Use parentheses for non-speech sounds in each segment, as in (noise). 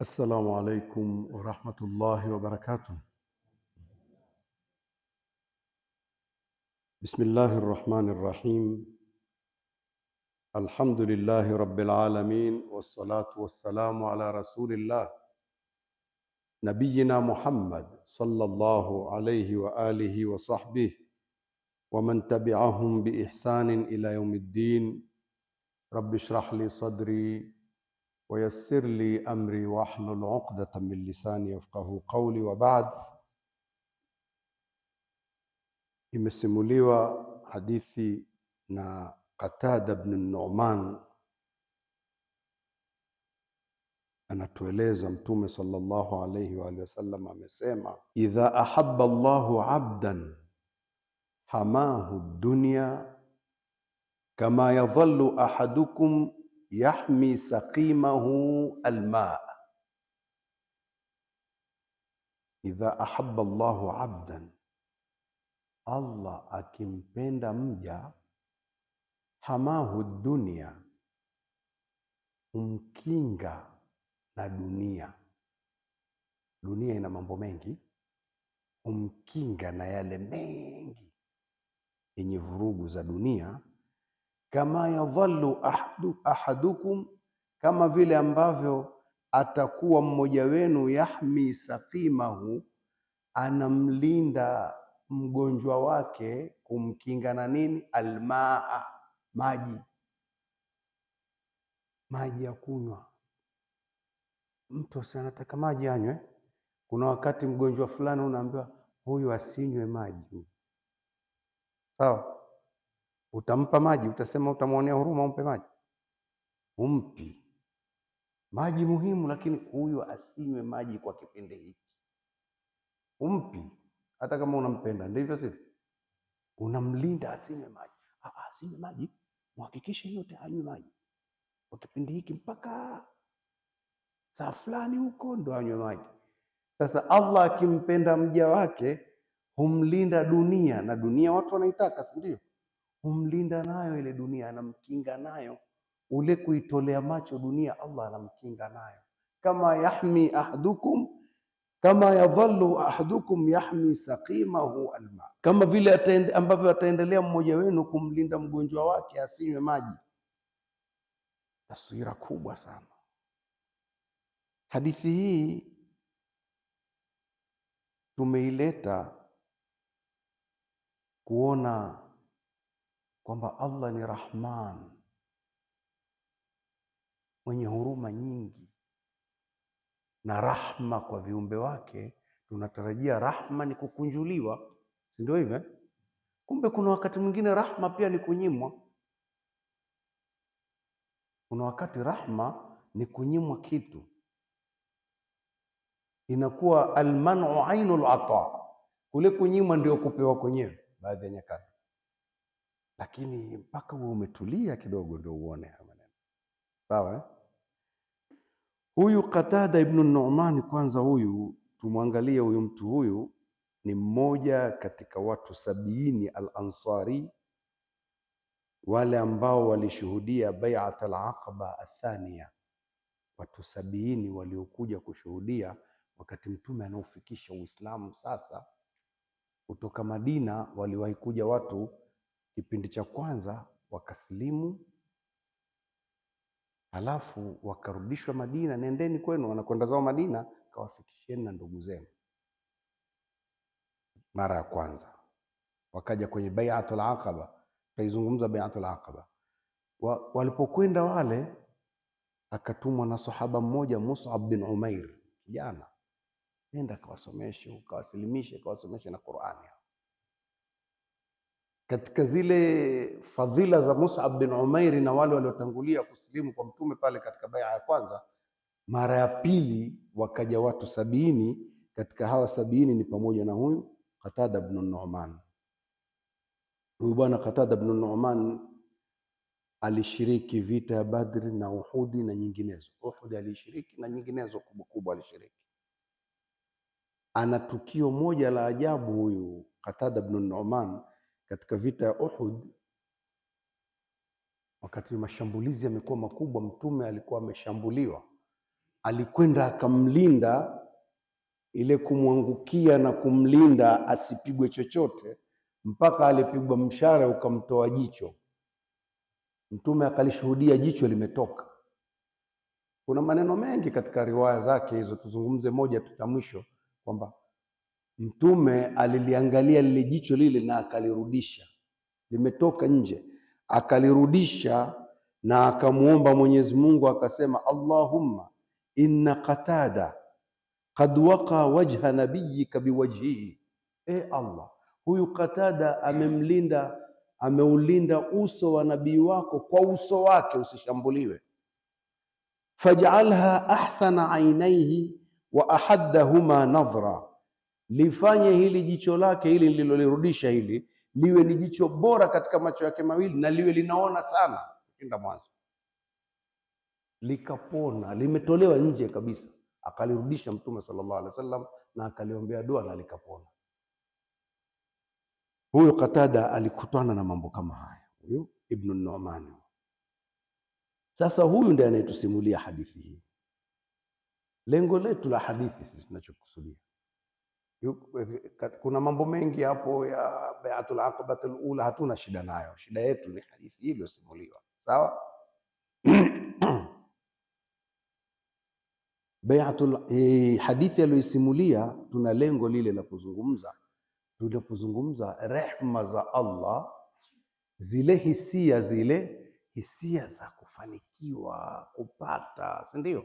السلام عليكم ورحمة الله وبركاته. بسم الله الرحمن الرحيم. الحمد لله رب العالمين والصلاة والسلام على رسول الله نبينا محمد صلى الله عليه وآله وصحبه ومن تبعهم بإحسان إلى يوم الدين رب اشرح لي صدري ويسر لي امري واحلل عقدة من lisani يفقه قولي وبعد ba'd. Imesimuliwa hadithi na Qatada bin Nu'man, anatueleza Mtume sallallahu alayhi wa alihi wasallam amesema, idha ahabba Allahu abdan hamahu dunya kama yadhallu ahadukum yahmi saqimahu alma idha ahabba Allahu abdan, Allah akimpenda mja hamahu dunia, humkinga na dunia. Dunia ina mambo mengi, humkinga na yale mengi yenye vurugu za dunia kama yadhallu ahadu, ahadukum, kama vile ambavyo atakuwa mmoja wenu yahmi saqimahu, anamlinda mgonjwa wake, kumkinga na nini? Almaa, maji, maji ya kunywa. Mtu si anataka maji anywe. Kuna wakati mgonjwa fulani unaambiwa huyu asinywe maji, sawa Utampa maji, utasema utamwonea huruma, umpe maji? Umpi maji muhimu, lakini huyu asinywe maji kwa kipindi hiki. Umpi hata kama unampenda, ndivyo sivyo? Unamlinda asinywe maji. Ah, ah, asinywe maji, muhakikishe yote hanywi maji kwa kipindi hiki mpaka saa fulani huko ndo anywe maji. Sasa Allah akimpenda mja wake humlinda dunia, na dunia watu wanaitaka, si ndio? humlinda nayo ile dunia, anamkinga nayo ule kuitolea macho dunia, Allah anamkinga nayo. Kama yahmi ahadukum kama yadhallu ahadukum yahmi saqimahu alma, kama vile atende, ambavyo ataendelea mmoja wenu kumlinda mgonjwa wake asinywe maji. Taswira kubwa sana. Hadithi hii tumeileta kuona kwamba Allah ni Rahman mwenye huruma nyingi na rahma kwa viumbe wake. Tunatarajia rahma ni kukunjuliwa, si ndio hivyo? Kumbe kuna wakati mwingine rahma pia ni kunyimwa. Kuna wakati rahma ni kunyimwa kitu, inakuwa almanu ainul ata, kule kunyimwa ndio kupewa kwenyewe baadhi ya nyakati lakini mpaka huo umetulia kidogo ndio uone haya maneno sawa eh? Huyu Qatada ibnu Nu'man, kwanza huyu tumwangalie, huyu mtu huyu ni mmoja katika watu sabiini al-Ansari, wale ambao walishuhudia bai'at al-Aqaba athania, watu sabiini waliokuja kushuhudia wakati mtume anaofikisha Uislamu sasa kutoka Madina. Waliwahi kuja watu Kipindi cha kwanza wakasilimu, halafu wakarudishwa Madina, nendeni kwenu. Wanakwenda zao Madina, kawafikishieni na ndugu zenu. Mara ya kwanza wakaja kwenye baiatul aqaba, kaizungumza baiatul aqaba. Wa, walipokwenda wale, akatumwa na sahaba mmoja Mus'ab bin Umair, kijana nenda kawasomeshe, ukawasilimishe, kawasomeshe na Qur'ani katika zile fadhila za Mus'ab bin Umair na wale waliotangulia kusilimu kwa mtume pale katika baya ya kwanza. Mara ya pili wakaja watu sabini. Katika hawa sabini ni pamoja na huyu Qatada bin Nu'man. Huyu bwana Qatada bin Nu'man alishiriki vita ya Badri na Uhudi na nyinginezo. Uhudi alishiriki na nyinginezo kubwa kubwa alishiriki. Ana tukio moja la ajabu huyu Qatada bin Nu'man katika vita ya Uhud, wakati mashambulizi yamekuwa makubwa, mtume alikuwa ameshambuliwa, alikwenda akamlinda, ile kumwangukia na kumlinda asipigwe chochote, mpaka alipigwa mshare ukamtoa jicho. Mtume akalishuhudia jicho limetoka. Kuna maneno mengi katika riwaya zake hizo, tuzungumze moja tutamwisho kwamba Mtume aliliangalia lile jicho lile na akalirudisha, limetoka nje, akalirudisha na akamwomba Mwenyezi Mungu akasema, Allahumma inna Qatada qad waqa wajha nabiyika biwajhihi. E Allah, huyu Qatada amemlinda ameulinda uso wa nabii wako kwa uso wake usishambuliwe. Faj'alha ahsana ainaihi wa ahaddahuma nadhra lifanye hili jicho lake hili lilolirudisha hili liwe ni jicho bora katika macho yake mawili na liwe linaona sana kushinda mwanzo. Likapona, limetolewa nje kabisa, akalirudisha Mtume sallallahu alaihi wasallam na akaliombea dua na likapona. Huyo Katada alikutana na mambo kama haya, huyu Ibnu Nu'man. Sasa huyu ndiye anayetusimulia hadithi hii. Lengo letu la hadithi sisi tunachokusudia kuna mambo mengi hapo ya Bayatul aqabatul ula hatuna shida nayo, shida yetu ni hadithi hii iliyosimuliwa. Sawa, (clears throat) bai'atul hadithi aliyoisimulia, tuna lengo lile la kuzungumza. Tunapozungumza rehma za Allah, zile hisia zile hisia za kufanikiwa kupata, si ndio?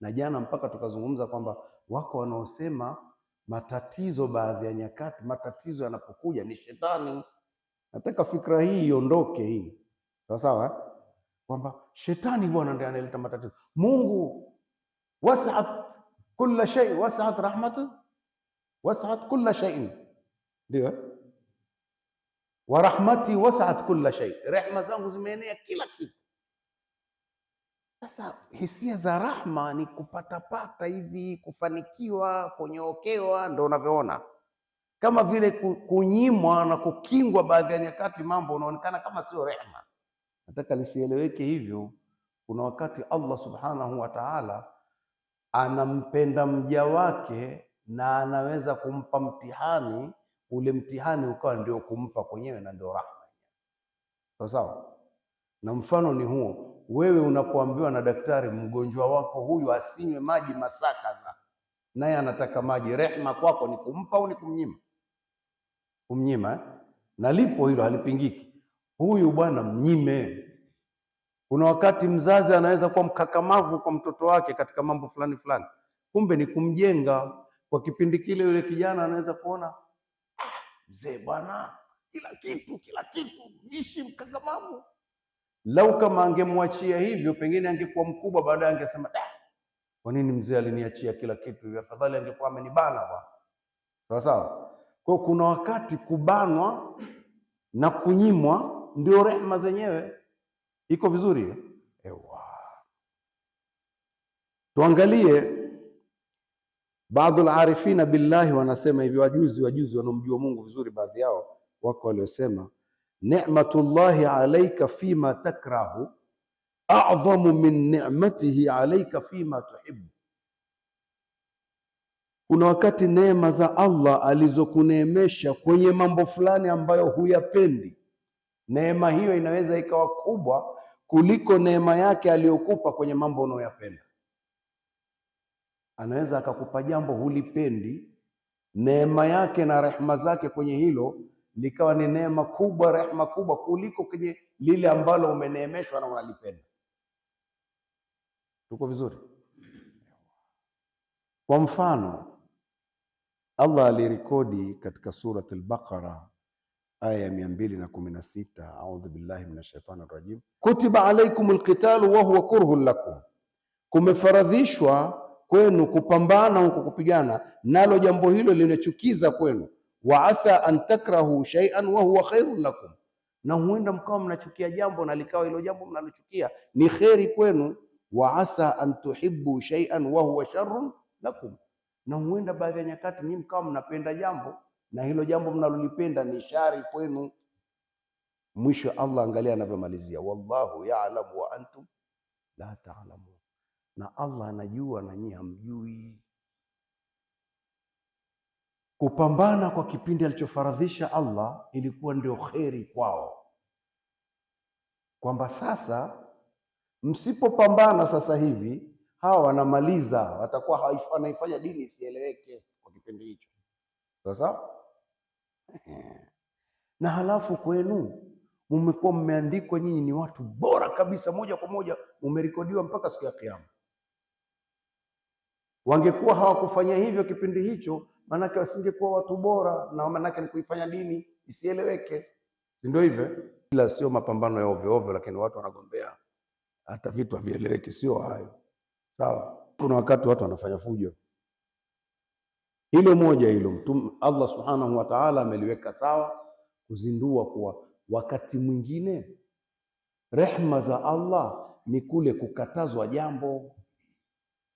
Na jana mpaka tukazungumza kwamba wako wanaosema Matatizo baadhi ya nyakati, matatizo yanapokuja ni shetani. Nataka fikra hii iondoke, hii sawa sawa, eh? kwamba shetani bwana ndiye analeta matatizo. Mungu wasat kulla shay, wasat rahmatu wasat kulla shay, ndio eh? wa rahmati wasat kula shay, rehma zangu zimeenea kila kitu sasa hisia za rahma ni kupatapata hivi, kufanikiwa, kunyookewa, ndo unavyoona kama vile kunyimwa na kukingwa baadhi ya nyakati, mambo unaonekana kama sio rehma Nataka lisieleweke hivyo. Kuna wakati Allah subhanahu wa ta'ala anampenda mja wake na anaweza kumpa mtihani, ule mtihani ukawa ndio kumpa kwenyewe na ndio rahma. Sawa sawa, na mfano ni huo wewe unapoambiwa na daktari, mgonjwa wako huyu asinywe maji masaa kadhaa, naye anataka maji, rehma kwako ni kumpa au ni kumnyima? Kumnyima eh? na lipo hilo, halipingiki. Huyu bwana mnyime. Kuna wakati mzazi anaweza kuwa mkakamavu kwa mtoto wake katika mambo fulani fulani, kumbe ni kumjenga. Kwa kipindi kile, yule kijana anaweza kuona ah, mzee bwana, kila kitu kila kitu, ishi mkakamavu Lau kama angemwachia hivyo, pengine angekuwa mkubwa baadaye, angesema da, kwa nini mzee aliniachia kila kitu hivi? Afadhali angekuwa amenibana bwana. Sawa sawa. Kwa kuna wakati kubanwa na kunyimwa ndio rehema zenyewe. Iko vizuri? Ewa. Tuangalie baadhi alarifina billahi wanasema hivi, wajuzi wajuzi wanaomjua Mungu vizuri, baadhi yao wako waliosema ni'matullahi alayka fima takrahu a'dhamu min ni'matihi alayka fima tuhibbu. Kuna wakati neema za Allah alizokuneemesha kwenye mambo fulani ambayo huyapendi, neema hiyo inaweza ikawa kubwa kuliko neema yake aliyokupa kwenye mambo unayoyapenda. Anaweza akakupa jambo hulipendi, neema yake na rehema zake kwenye hilo likawa ni neema kubwa, rehema kubwa kuliko kwenye lile ambalo umeneemeshwa na unalipenda. Tuko vizuri? Kwa mfano, Allah alirekodi katika Surat al-Baqara aya ya mia mbili na kumi na sita audhu billahi min shaitani rajim, kutiba alaikum lqitalu huwa kurhun lakum, kumefaradhishwa kwenu kupambana huko kupigana, nalo jambo hilo linachukiza kwenu wa asa an takrahu shay'an wa huwa khairun lakum, na huenda mkawa mnachukia jambo na likawa hilo jambo mnalochukia ni kheri kwenu. Wa asa an tuhibbu shay'an wa huwa sharrun lakum, na huenda baadhi ya nyakati nyinyi mkawa mnapenda jambo na hilo jambo mnalolipenda ni shari kwenu. Mwisho Allah angalia anavyomalizia, wallahu ya'lamu wa antum la ta'lamun, na Allah anajua na nyinyi hamjui kupambana kwa kipindi alichofaradhisha Allah ilikuwa ndio kheri kwao, kwamba sasa msipopambana sasa hivi hawa wanamaliza, watakuwa wanaifanya dini isieleweke kwa kipindi hicho. Sasa (laughs) na halafu kwenu mmekuwa mmeandikwa nyinyi ni watu bora kabisa, moja kwa moja mumerekodiwa mpaka siku ya Kiyama. Wangekuwa hawakufanya hivyo kipindi hicho maanake wasingekuwa watu bora, na maanake ni kuifanya dini isieleweke, si ndio hivyo? Ila sio mapambano ya ovyo ovyo, lakini watu wanagombea hata vitu havieleweki, sio hayo. Sawa, kuna wakati watu wanafanya fujo. Hilo moja hilo, Mtume Allah subhanahu wa ta'ala ameliweka sawa, kuzindua kuwa wakati mwingine rehma za Allah ni kule kukatazwa jambo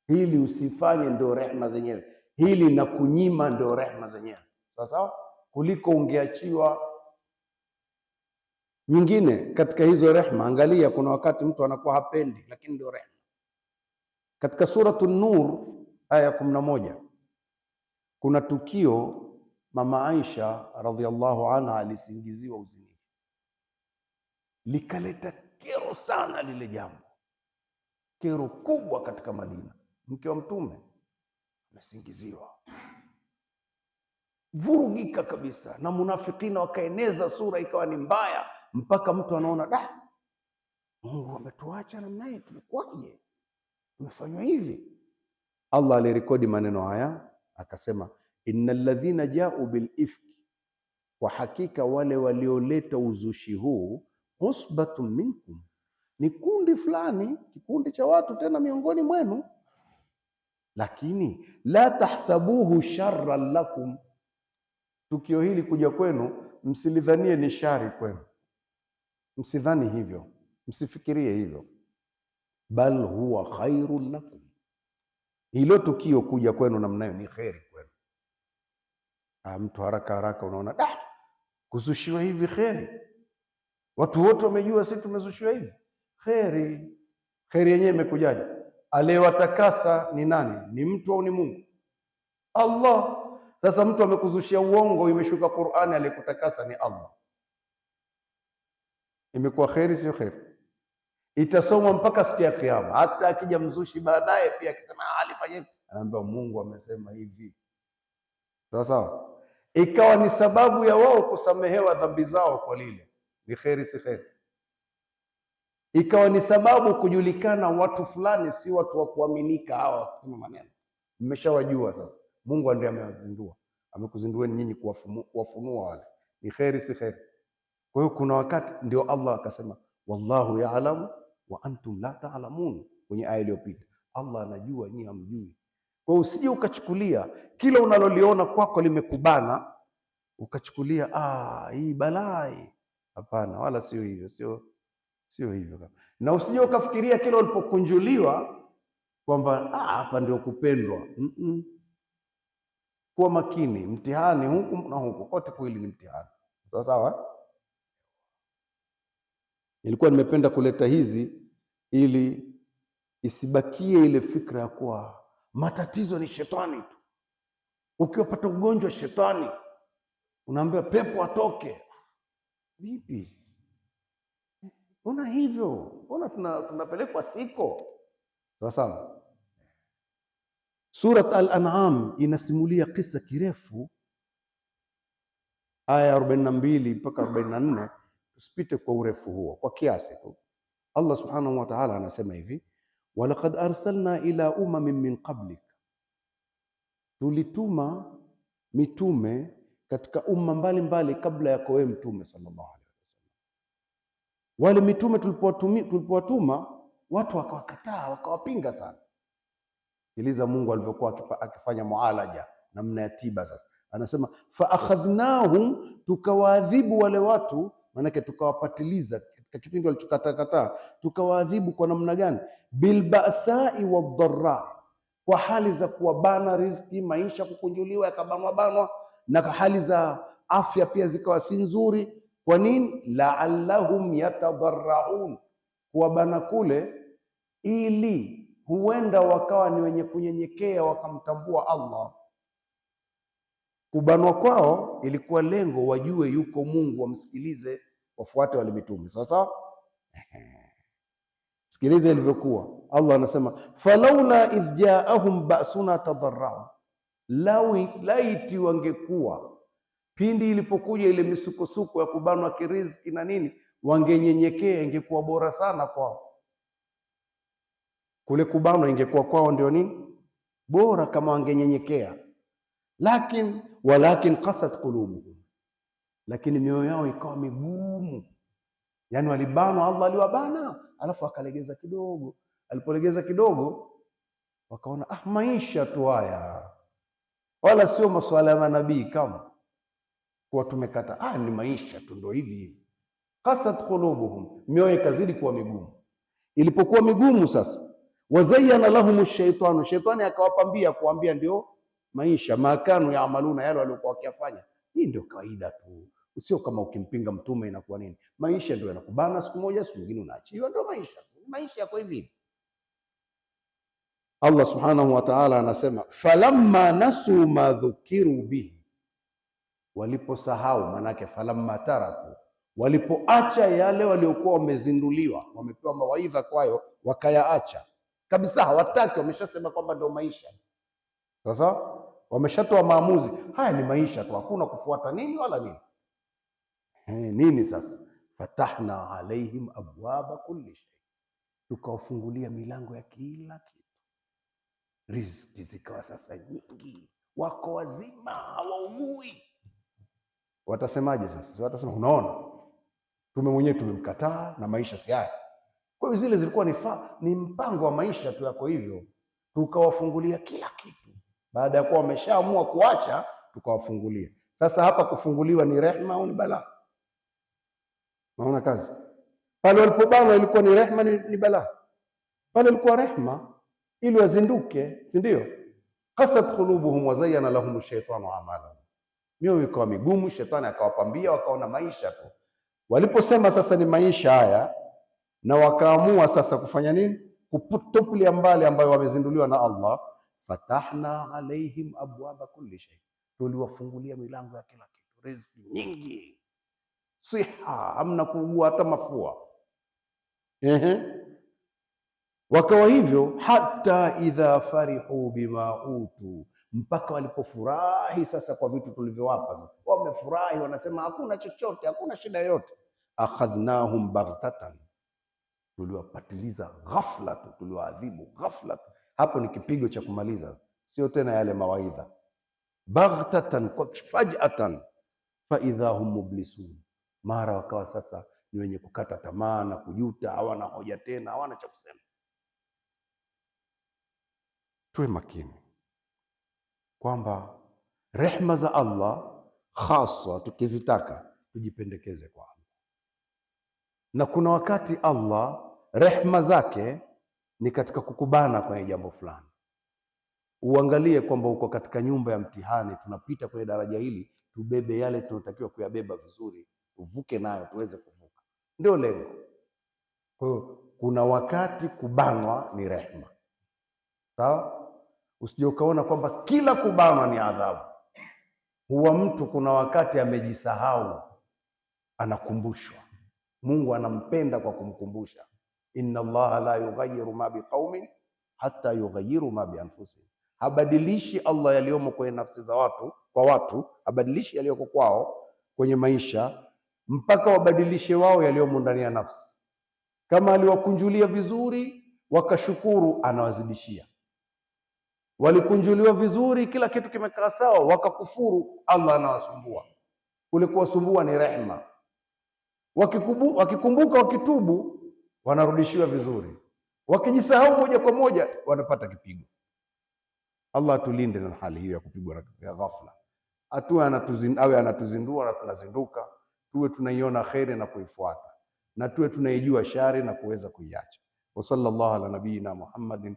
hili usifanye, ndio rehma zenyewe hili na kunyima ndio rehema zenyewe, sawa sawa, kuliko ungeachiwa nyingine katika hizo rehema. Angalia, kuna wakati mtu anakuwa hapendi, lakini ndio rehema. Katika suratu Nur aya ya kumi na moja kuna tukio mama Aisha radhiallahu anha alisingiziwa uzinifu, likaleta kero sana lile jambo, kero kubwa katika Madina. Mke wa Mtume umesingiziwa, vurugika kabisa. Na munafikina wakaeneza sura ikawa ni mbaya, mpaka mtu anaona da, Mungu ametuacha namna hii, tumekuwaje? Tumefanywa hivi. Allah alirekodi maneno haya akasema, ina ladhina jau bilifki kwa hakika wale walioleta uzushi huu, usbatun minkum, ni kundi fulani, kikundi cha watu tena miongoni mwenu lakini la tahsabuhu sharran lakum, tukio hili kuja kwenu msilidhanie ni shari kwenu, msidhani hivyo, msifikirie hivyo, bal huwa khairun lakum, hilo tukio kuja kwenu namnayo ni kheri kwenu. Ah, mtu haraka haraka unaona da kuzushiwa hivi kheri, watu wote wamejua sisi tumezushiwa hivi kheri. Kheri yenyewe imekujaje? aliyewatakasa ni nani? Ni mtu au ni Mungu? Allah. Sasa mtu amekuzushia uongo, imeshuka Qur'ani, aliyekutakasa ni Allah. Imekuwa kheri, sio kheri? Itasomwa mpaka siku ya Kiyama. Hata akija mzushi baadaye pia akisema ah, alifanya anaambiwa Mungu amesema hivi. Sawa sawa, ikawa ni sababu ya wao kusamehewa dhambi zao kwa lile. Ni kheri, si kheri? ikawa ni sababu kujulikana watu fulani si watu wa kuaminika hawa wakisema maneno. Mmeshawajua sasa. Mungu ndiye amewazindua. amekuzindua nyinyi kuwafunua wale. Ni kheri si kheri. Kwa hiyo kuna wakati ndio Allah akasema wallahu yaalamu wa antum la taalamun, kwenye aya iliyopita. Allah anajua nyinyi hamjui. Kwa hiyo usije ukachukulia kila unaloliona kwako limekubana ukachukulia ah, hii balaa. Hapana, wala sio hivyo, sio Sio hivyo Na usije ukafikiria kila ulipokunjuliwa kwamba ah, hapa ndio kupendwa. Mm -mm. Kuwa makini, mtihani huku na huku, kote kweli ni mtihani. Sawa sawa. Nilikuwa nimependa kuleta hizi ili isibakie ile fikra ya kuwa matatizo ni shetani tu. Ukiwapata ugonjwa shetani, unaambiwa pepo atoke. Vipi? Mbona hivyo? Mbona tuna, tunapelekwa siko? Sawa sawa. Surat Al-An'am inasimulia kisa kirefu, aya arobaini mpaka arobaini na nne Tusipite kwa urefu huo, kwa kiasi tu. Allah subhanahu wa ta'ala anasema hivi, walaqad arsalna ila umamin min qablik, tulituma mitume katika umma mbalimbali kabla yako wewe mtume sallallahu wale mitume tulipowatuma watu wakawakataa, wakawapinga sana. Sikiliza Mungu alivyokuwa akifanya mualaja namna ya tiba. Sasa anasema fa akhadhnahum, tukawaadhibu wale watu, maanake tukawapatiliza katika kipindi walichokatakataa, tukawaadhibu kwa namna gani? Bilbasai wadharai, kwa hali za kuwabana riziki, maisha kukunjuliwa, yakabanwabanwa, na hali za afya pia zikawa si nzuri kwa nini? Laallahum yatadharraun, bana kule ili huenda wakawa ni wenye kunyenyekea wakamtambua Allah. Kubanwa kwao ilikuwa lengo wajue yuko Mungu, wamsikilize, wafuate wale mitume. Sawa sawa, sikilize ilivyokuwa. Allah anasema falaula idh jaahum ba'suna tadarrau, laiti wangekuwa Pindi ilipokuja ile misukosuko ya kubanwa kiriziki na nini, wangenyenyekea, ingekuwa bora sana kwao. Kule kubanwa ingekuwa kwao ndio nini bora kama wangenyenyekea, lakin walakin kasat qulubuhum, lakini mioyo yao ikawa migumu. Yani walibanwa, Allah aliwabana, alafu akalegeza kidogo. Alipolegeza kidogo, wakaona ah, maisha tu haya, wala sio masuala ya manabii kama kwa tumekata. Ah, ni maisha tu ndio hivi hivi. Qasat qulubuhum, mioyo ikazidi kuwa migumu. Ilipokuwa migumu sasa, wazayana lahumu shaitanu, shaitani akawapambia kuambia ndio maisha, makanu ya amaluna, yale waliokuwa wakiyafanya. Hii ndio kawaida tu, sio kama ukimpinga mtume inakuwa nini. Maisha ndio yanakubana, siku moja siku nyingine unaachiwa, ndio maisha. Maisha yako hivi. Allah subhanahu wa ta'ala anasema falamma nasu ma bihi waliposahau, maanake falamma taraku, walipoacha yale waliokuwa wamezinduliwa, wamepewa mawaidha kwayo, wakayaacha kabisa, hawataki, wameshasema kwamba ndio maisha sasa wameshatoa maamuzi haya, ni maisha tu, hakuna kufuata nini wala nini he, nini sasa. Fatahna alaihim abwaba kulli shay, tukawafungulia milango ya kila kitu. Riziki zikawa sasa nyingi, wako wazima, hawaumui watasemaje sasa? Watasema unaona, tume mwenyewe tumemkataa na maisha si haya. Kwa hiyo zile zilikuwa ni, fa, ni mpango wa maisha tu yako hivyo, tukawafungulia kila kitu. Baada ya kuwa wameshaamua kuacha, tukawafungulia. Sasa hapa kufunguliwa ni rehma au ni balaa? Naona kazi pale walipobanwa ilikuwa ni rehma, ni, ni balaa? Pale ilikuwa rehma ili wazinduke, si ndio? Qasat qulubuhum wa zayyana lahum shaytanu a'malahum mioyo ikawa migumu, shetani akawapambia, wakaona maisha tu. Waliposema sasa ni maisha haya, na wakaamua sasa kufanya nini? Kutupilia mbali ambayo wamezinduliwa na Allah. Fatahna alaihim abwaba kulli shay, tuliwafungulia milango ya kila kitu, riziki nyingi, siha, hamna kuugua hata mafua. Ehe, wakawa hivyo, hata idha farihu bima utu mpaka walipofurahi sasa kwa vitu tulivyowapa, wamefurahi, wanasema hakuna chochote, hakuna shida yoyote. Akhadhnahum baghtatan, tuliwapatiliza ghafla tu, tuliwaadhibu ghafla tu. Hapo ni kipigo cha kumaliza, sio tena yale mawaidha. Baghtatan, kwa fajatan, faidha hum mublisun, mara wakawa sasa ni wenye kukata tamaa na kujuta, hawana hoja tena, hawana cha kusema. Tuwe makini kwamba rehma za Allah haswa tukizitaka tujipendekeze kwa Allah, na kuna wakati Allah rehma zake ni katika kukubana kwenye jambo fulani. Uangalie kwamba uko katika nyumba ya mtihani, tunapita kwenye daraja hili, tubebe yale tunayotakiwa kuyabeba vizuri, tuvuke nayo tuweze kuvuka, ndio lengo. Kwa hiyo kuna wakati kubanwa ni rehma, sawa Usije ukaona kwamba kila kubanwa ni adhabu. Huwa mtu kuna wakati amejisahau, anakumbushwa. Mungu anampenda kwa kumkumbusha, inna Allaha la yughayiru ma biqaumin hata yughayiru ma bianfusihim, habadilishi Allah yaliyomo kwenye nafsi za watu kwa watu, habadilishi yaliyoko kwao kwenye maisha mpaka wabadilishe wao yaliyomo ndani ya nafsi. Kama aliwakunjulia vizuri wakashukuru, anawazidishia walikunjuliwa vizuri, kila kitu kimekaa sawa, wakakufuru, Allah anawasumbua. Kule kuwasumbua ni rehma. Wakikubu, wakikumbuka wakitubu, wanarudishiwa vizuri. Wakijisahau moja kwa moja, wanapata kipigo. Allah atulinde na hali hiyo ya kupigwa ya ghafla, atuwe anatuzindua, awe anatuzindua na tunazinduka, tuwe tunaiona kheri na kuifuata, na tuwe tunaijua shari na kuweza kuiacha. Wa sallallahu ala nabiyina Muhammadin